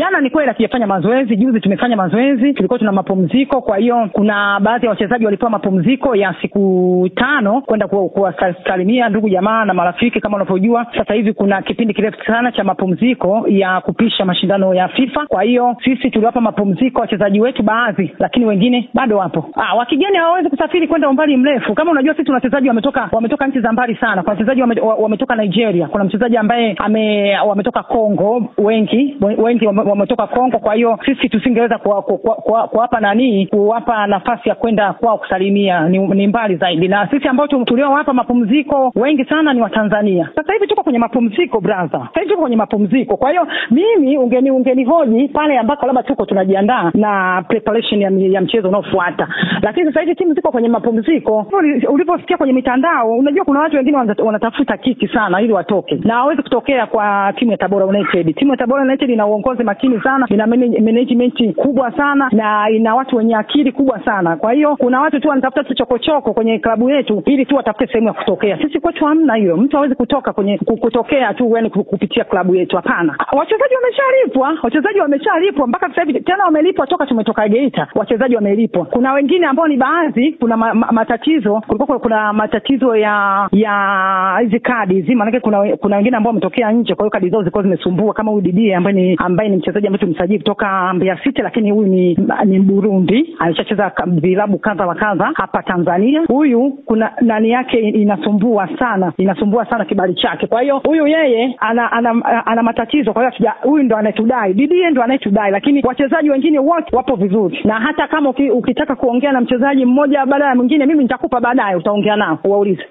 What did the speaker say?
Jana ni kweli akijafanya mazoezi, juzi tumefanya mazoezi, tulikuwa tuna mapumziko. Kwa hiyo kuna baadhi ya wachezaji walipewa mapumziko ya siku tano kwenda kuwasalimia ndugu jamaa na marafiki. Kama unavyojua sasa hivi kuna kipindi kirefu sana cha mapumziko ya kupisha mashindano ya FIFA. Kwa hiyo sisi tuliwapa mapumziko wachezaji wetu baadhi, lakini wengine bado wapo. Ah, wakigeni hawawezi kusafiri kwenda umbali mrefu. Kama unajua sisi tuna wachezaji wametoka wametoka nchi za mbali sana. Kuna wachezaji wametoka Nigeria, kuna mchezaji ambaye ame wametoka Congo, wengi wengi wametoka Kongo. Kwa hiyo sisi tusingeweza kuwapa nani nanii kuwapa nafasi ya kwenda kwao kusalimia, ni, ni mbali zaidi. Na sisi ambao tuliowapa mapumziko wengi sana ni Watanzania. Sasa hivi tuko kwenye mapumziko brother, sasa hivi tuko kwenye mapumziko. Kwa hiyo mimi ungeni ungenihoji pale ambako labda tuko tunajiandaa na preparation ya, ya mchezo unaofuata, lakini sasa hivi timu ziko kwenye mapumziko. Ulivyosikia kwenye mitandao, unajua kuna watu wengine wanatafuta kiki sana ili watoke na hawezi kutokea kwa timu ya Tabora United. Timu ya Tabora United ina uongozi makini sana, ina management kubwa sana na ina watu wenye akili kubwa sana. Kwa hiyo kuna watu tu wanatafuta tu chokochoko kwenye klabu yetu ili tu watafute sehemu ya kutokea. Sisi kwetu hamna hiyo, mtu hawezi kutoka kwenye kutokea tu yani kupitia klabu yetu, hapana. Wachezaji wameshalipwa, wachezaji wameshalipwa mpaka sasa hivi, tena wamelipwa toka tumetoka Geita, wachezaji wamelipwa. Kuna wengine ambao ni baadhi, kuna ma, ma, matatizo, kulikuwa kuna matatizo ya ya hizi kadi zima, kuna kuna wengine ambao wametokea nje, kwa hiyo kadi zao zilikuwa zimesumbua, kama huyu Didi ambaye ni ambaye ni mchezaji ambaye tumsajili kutoka Mbeya City, lakini huyu ni ni Burundi, ameshacheza vilabu kadha wa kadha hapa Tanzania. Huyu kuna nani yake inasumbua sana, inasumbua sana kibali chake. Kwa hiyo huyu yeye ana ana, ana, ana matatizo, kwa hiyo huyu ndo anayetudai, Didie ndo anayetudai, lakini wachezaji wengine wote wapo vizuri, na hata kama ukitaka kuongea na mchezaji mmoja baada ya mwingine, mimi nitakupa baadaye, utaongea nao waulize.